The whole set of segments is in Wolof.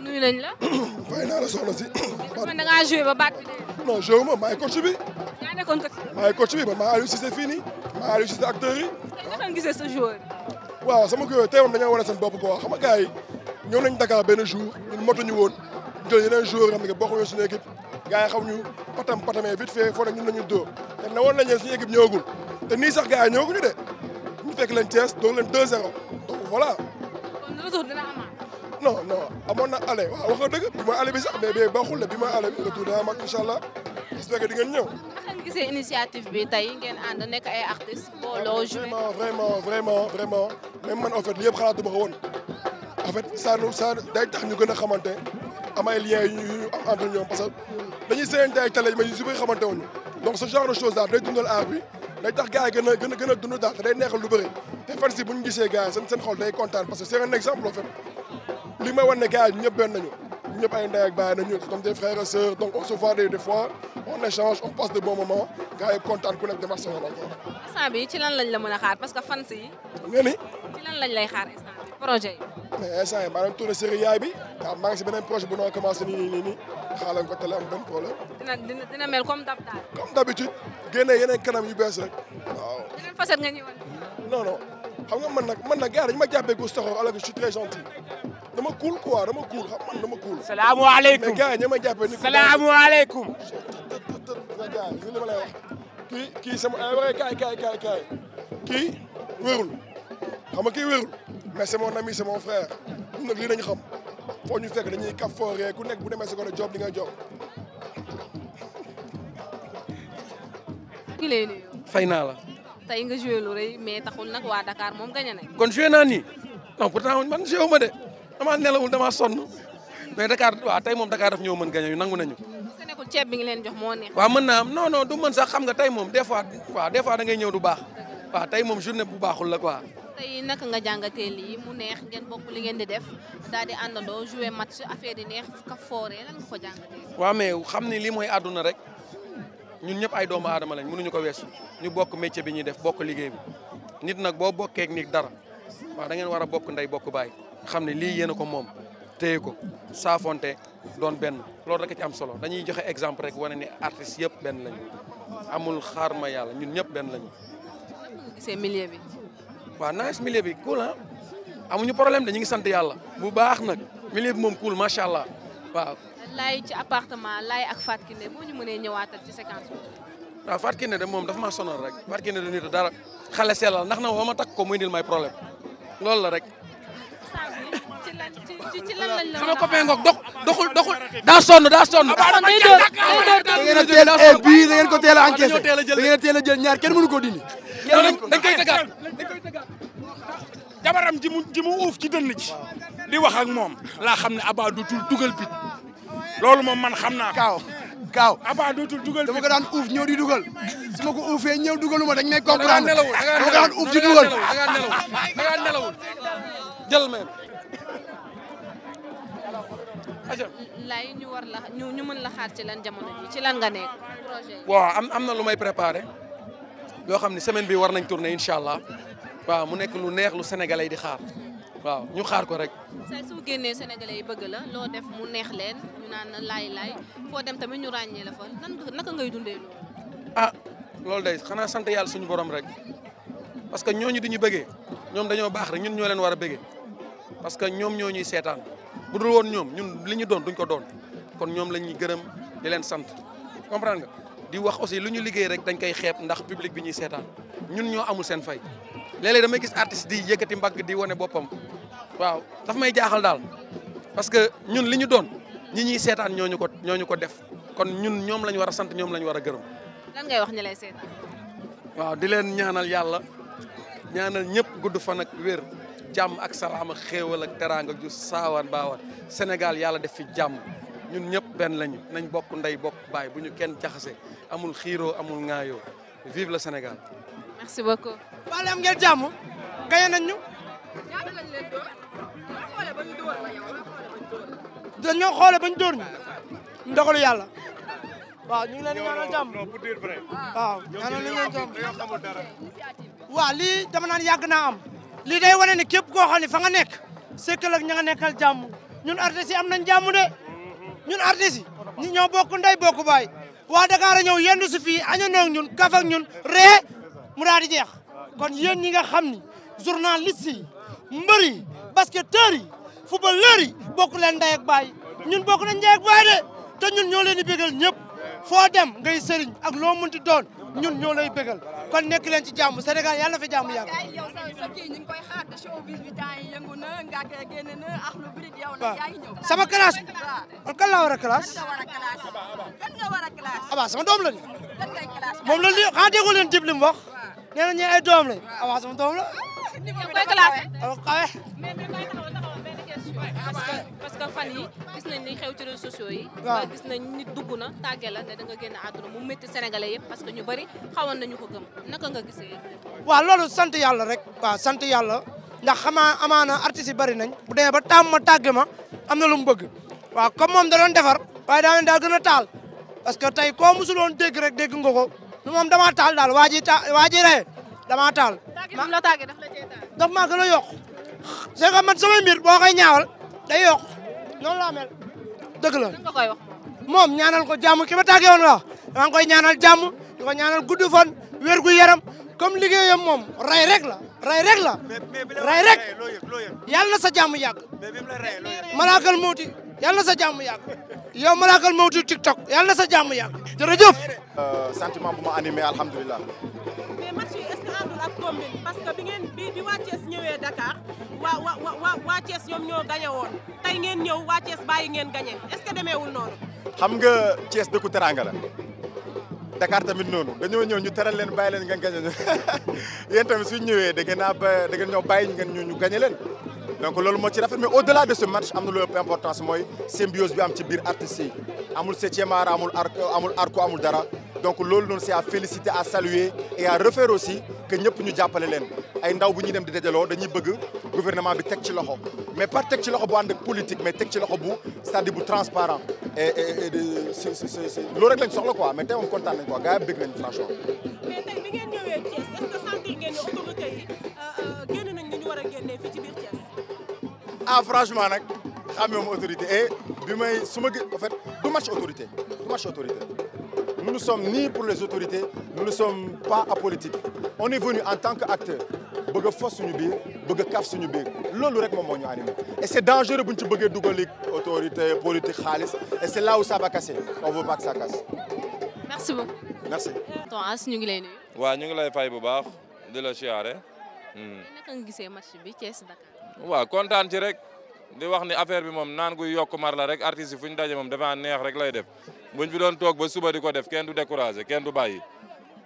nuyu nañ la. fay naa la soxna si. man da ngaa joué ba baat bi de. non joué wu ma maay coach bi. yaa nekkoon coach bi. maay coach bi man maa Aliou Cissé fii nii maa Aliou Cissé acteurs yi. tey nga doon gisee sa joueur yi. waaw sama kii tey woon dañoo wane seen bopp quoi xam nga gars yi ñëw nañ Dakar benn jour ñun motuñu woon jël yeneen joueurs yoo xam ne bokkuñu suñu équipe gars yi xam ñu patam patamee vite fait foo ne ñun lañu dóor te ne woon nañ leen suñu équipe ñëwagul te nii sax gars yi ñëwaguñu de ñu fekk leen Thiès doon leen 2-0 donc voilà. kon retour dina amaat. non non amoon na ale waaw wax nga dëgg bi ma ale bi sax mais bee baaxul la bi ma ale bi nga tuuti am ak incha allah j'espère que di ngeen ñëw. naka nga gisee initiative bi tey ngeen ànd nekk ah, vraiment vraiment vraiment vraiment même man en fait li yëpp xalaatuma ko woon en fait gën a xamante am ay liens yu ñu am entre ñoom parce que dañuy séenante ay télé mais ñu si donc ce genre de chose daal day dundal art bi day tax gars yi gën a gën a gën a dund daal te day neexal lu bëri te fan si bu ñu gisee gars seen seen day kontaan parce que c'est un exemple en fait. li may wan ne gars yi ñëpp benn nañu ñëpp ay ndey ak baay nañu comme des frères et sœurs donc on se voit des des fois échange on passe de bons moments gars yi kontaan ku nekk demaat sa yoon encore. instant bi la mën a xaar parce que fans yi. nga ni. ci lan bi projet yi. mais instant yii maa série yaay bi waaw si beneen projet bu noo commencé nii nii nii nii xaaral ko télé am benn problème. dina mel comme d'hab daal. comme d'habitude kanam yu bees rek waaw. yeneen facette nga ñëwoon. non non xam nga man ma jàppee gu soxor alors que je dama cool quoi dama cool xam man dama ma jàppee. salaamaaleykum. kii kii sama eh, ay kaay kaay kaay kaay kii wérul xam nga kii wérul mais c'est mon ami mon frère ñun nag lii dañu xam foo ñu fekk dañuy kaf fooree ku nekk bu demee si ko job di nga job. fay naa la. tey nga joué lu rëy mais taxul nag waa Dakar moom gañ kon joué naa nii non pourtant man joué ma de. damaa nelawul damaa sonn mais Dakar waa tey moom Dakar daf ñëw mën gaño yu nangu nañu nekkul ceeb bi ngi leen jox moo neex waaw mën na am non du mën sax xam nga tey moom des fois waaw des fois da ngay ñëw du baax waaw tey moom journée bu baaxul la quoi tey naka nga jàngatee lii mu neex ngeen bokk li ngeen di def daal di àndandoo jouer affaire di neex ka fooree lan nga ko jàngatee mais xam ni lii mooy àdduna rek ñun ñëpp ay doomu aadama lañ mënuñu ko weesu ñu bokk métier bi ñuy def bokk liggéey bi nit nag boo bokkee ak nit dara waa da ngeen war a bokk ndey bokk baay xam ne lii yéen ko moom téye ko saafonte doon benn loolu rek a ci am solo dañuy joxe exemple rek wane ne artistes yëpp benn lañu amul xaar ma yàlla ñun ñëpp benn lañu. c'est milieu bi. waaw nice bi cool ah amuñu problème de ñu ngi sant yàlla bu baax nag milieu bi moom cool macha allah waaw. laay ci appartement lay ak Fatou Kiné boo ñu mënee ci séquence bi. waaw de moom dafa ma sono rek Fatou Kiné de nit dara xale sellal ndax na woo ma takk ko muy indil may problème loolu la rek. sama copain ngoog dox doxul doxul daa sonn daa sonn. da ngeen a a bii da ngeen ko teel a encaissé da ngeen a teel a jël ñaar kenn mënu ko dindi. dañ koy tëggaat dañ koy tëggaat jabaram ji mu ji uuf ci dënn ji di wax ak moom laa xam ne Abba dootul dugal pit loolu moom man xam naa ko. gaaw Abba dootul dugal dama ko daan uuf ñëw di dugal su ma ko uufee ñëw dugaluma ko daan uuf di dugal da ngaa nelawul da ngaa nelawul jël meen lay ñu war la ñu ñu mën la xaar ci lan jamono ji ci lan nga nekk waaw am am na lu may préparé yoo xam ne semaine bi war nañ tourner incha allah waaw mu nekk lu neex lu sénégalais yi di xaar waaw ñu xaar ko rek. saa su génnee sénégalais yi bëgg la loo def mu neex leen ñu naan laay laay foo dem tamit ñu ràññee la fa naka ngay dundee loolu. ah loolu day xanaa sant yàlla suñu borom rek parce que ñooñu dañu bëggee ñoom dañoo baax rek ñun ñoo leen war a bëggee parce que ñoom ñoo seetaan. bu dul woon ñoom ñun li ñu doon duñ ko doon kon ñoom la ñuy gërëm di leen sant comprendre nga di wax aussi lu ñu liggéey rek dañ koy xeeb ndax public bi ñuy seetaan ñun ñoo amul seen fay léeg damay gis artiste di yëkkati mbagg di wane boppam waaw daf may jaaxal daal parce que ñun li ñu doon ñi ñuy seetaan ñooñu ko ñooñu ko def kon ñun ñoom lañu ñu war a sant ñoom la ñu war a gërëm. lan ngay wax ñi lay seetaan. waaw di leen ñaanal yàlla ñaanal ñëpp gudd fan ak wér. jàmm ak salaam ak xéewal ak teraanga ju saawaan baawaan Sénégal yàlla def fi jàmm ñun ñëpp benn lañu nañ bokk ndey bokk baay bu ñu kenn jaxase amul xiiro amul ŋaayoo vive le Sénégal. merci beaucoup. Baale am ngeen jàmm. gañe nañ ñu. yàlla. waaw ñu ngi leen waaw ñaanal nañ leen waaw lii dama yàgg naa am. lii day wane ne képp koo xam ne fa nga nekk sëkkal ak ña nga nekkal jàmm ñun artistes yi am nañ jàmm de ñun artistes yi ñoo bokk ndey bokk baay waa Dakar a ñëw yendu su fii añandoo ak ñun kaf ñun ree mu daal di jeex kon yéen ñi nga xam ni journaliste yi mbër yi basketteurs yi bokk leen ndey ak ñun bokk nañ ndey ak baay de te ñun ñoo leen di bégal ñëpp foo dem ngay sëriñ ak loo munti doon ñun ñoo lay kon nekk leen ci jàmm Sénégal yàlla na fi jàmm yàgg. waaw yow sa sa kii ñu ngi koy xaar sama classe. waaw kon kan laa war a classe. kan nga war a classe. kan nga war a classe. abaa sama doom la nii. kan ngay classe. moom la lii xanaa dib li mu wax. nee na doom lañ. abaa sama doom la. parce que parce que fan yi gis nañ li xew ci réseaux sociaux yi waaw gis nañ nit dugg na tàgge la ne da nga génn àdduna mu métti sénégalais yëpp parce que ñu bëri xawoon nañu ko gëm naka nga gisee waaw loolu sant yàlla rek waaw sant yàlla ndax xamaa amaana artistes yi bëri nañ bu demee ba tàmm ma tàgge ma am na lu mu bëgg waaw comme moom da doon defar waaye daa daa gën a taal parce que tey koo musuloon dégg rek dégg nga ko lu moom damaa taal daal waa ji ta waa ji ree damaa taal daf maa gën a yokk c'est que man samay mbir boo koy ñaawal day yokk noonu laa la. lan moom ñaanal ko jàmm ki ma tàggee woon wax maa ngi koy ñaanal jàmm di ko ñaanal gudd fan wér gu yaram comme liggéeyam moom ray rek la ray rek la yàlla na sa jàmm yàgg malaakal mawti yàlla na sa jàmm yàgg yow malaakal mawti tiktok yàlla na sa jàmm yàgg jërëjëf euh, sentiment bu ma animé alhamdulilah commune parce que bi waa Thiès ñëwee Dakar waa waa ñoom ñoo gañe tey ngeen ñëw waa Thiès bàyyi ngeen gañe est-ce noonu. xam nga Thiès dëkku teraanga la Dakar tamit noonu dañoo ñëw ñu teral leen bàyyi leen ngeen gañe ñu yéen tamit suñ ñëwee da ngeen naa ba da ngeen ñoo bàyyi ngeen ñu ñu gañe leen. donc loolu moo ci rafet mais au-delà de ce match am na lu importance mooy symbiose bi am ci biir artistes yi amul septième art amul arco amul dara donc loolu noonu si a féliciter à saluer et à aussi. que ñëpp ñu jàppale leen ay ndaw bu ñuy dem di dajaloo dañuy bëgg gouvernement bi teg ci loxo mais par teg ci loxo bu ànd ak politique mais teg ci loxo bu cest bu transparent et et si si soxla quoi mais tey moom kontaan nañ quoi bëgg nañ franchement. mais tey bi ngeen ñëwee Thiès est-ce que sentir ngeen ne autorité yi euh, euh, génn nañ ni ñu war a génnee fii ci biir Thiès. ah franchement nag xam nga moom autorité et bi may su ma gis en fait du match autorité du match autorité. nous ne sommes ni pour les autorités nous ne sommes pas apolitiques on est venu en tant qu'acteur bëgg a fos suñu biir bëgg a kaf suñu biir loolu rek moom moo ñu animé et c' est dangereux bu ñu ci bëggee dugal léegi autorité politique xaalis et c' là où ça va casser on veut pas merci beaucoup. merci. tonton As ñu ngi lay nuyu. waaw ñu ngi lay fay bu baax di la siyaare. Hmm. naka gisee match bi Thiès Dakar. waaw kontaan ci rek. di wax ni affaire bi moom naan guy yokk mar rek artistes yi fu ñu daje moom dafa neex rek lay def buñ fi doon toog ba suba di ko def kenn du découragé kenn du bàyyi.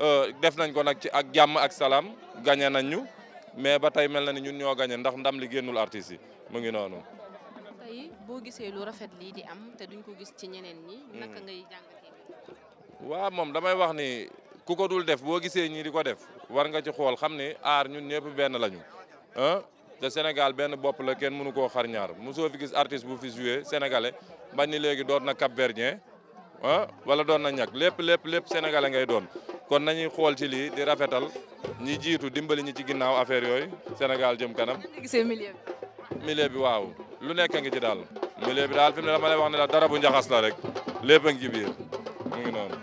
Euh, def nañ ko nag ci ak jàmm ak salaam gagné nañ ñu mais ba tey mel na ni ñun ñoo gagné ndax ndam li génnul artistes yi mu ngi noonu. tey boo gisee lu rafet lii di am te duñ ko gis ci ñeneen ñi. Hmm. naka ngay jàngatee. waaw moom damay wax ni ku ko dul def boo gisee ñii di ko def war nga ci xool xam ni aar ñun ñëpp benn lañu te Sénégal benn bopp la kenn mënu koo xar ñaar mosoo fi gis artiste bu fi joué sénégalais bañ ni léegi doon na cap-verdien ah wala doon na ñàkk lépp lépp lépp sénégalais ngay doon. kon nañuy xool ci lii di rafetal ñi jiitu dimbali ñi ci ginnaaw affaire yooyu Sénégal jëm kanam. gisee milieu bi. waaw lu nekk ngi ci daal. milieu bi daal fi mu ne dama lay wax ne la dara bu njaxas la rek lépp a ngi ci mu ngi noonu.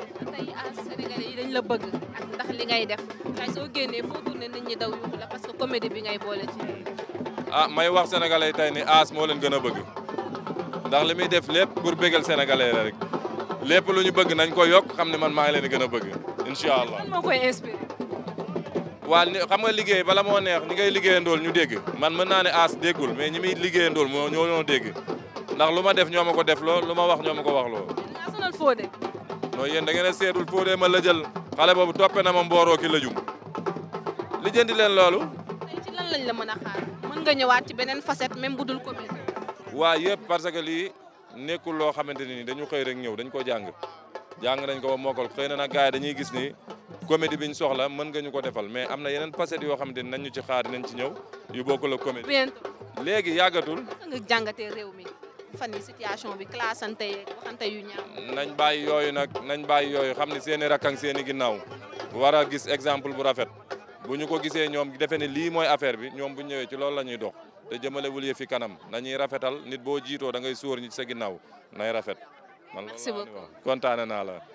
tey ah, ah, wax sénégalais tey ni As moo leen gën a bëgg li muy def lépp pour bégal sénégalais la rek lépp ñu bëgg nañ ko yokk xam ne man maa ngi leen di gën a bëgg incha allah. lan moo xam nga liggéey bala moo neex ñi ngay liggéeyandool ñu dégg man mën naa ne As déggul mais ñi muy liggéeyandool moo ñoo ñoo dégg lu ma def ñoo ma ko def loo lu ma wax ñoo ma ko wax loo. non yéen da ngeen a seetul Fodé ma lëjal xale boobu toppe na ma mbooroo ki lëjum li jëndi leen loolu. dañ ci lan lañ la mën a xaar mën nga ñëwaat ci beneen facette même bu dul commune. waa yëpp parce que lii nekkul loo xamante ni dañu xëy rek ñëw dañ ko jàng jàng nañ ko ba mokkal xëy na nag gars yi dañuy gis ni comédie bi ñu soxla mën nga ñu ko defal mais am na yeneen facettes yoo xamante ni nañ ñu ci xaar dinañ ci ñëw yu bokkul ak comédie. léegi yàggatul. nga jàngatee réew mi. fan yi situation bi classante yeeg waxante yu ñaaw. nañ bàyyi yooyu nag nañ bàyyi yooyu xam ne seen i rakk ak seen ginnaaw war a gis exemple bu rafet bu ñu ko gisee ñoom defe ne lii mooy affaire bi ñoom bu ñëwee ci loolu la ñuy dox te jëmalewul yëf fi kanam nañuy rafetal nit boo jiitoo da ngay sóor ñi ci sa ginnaaw nay rafet. man loolu kontaane naa la.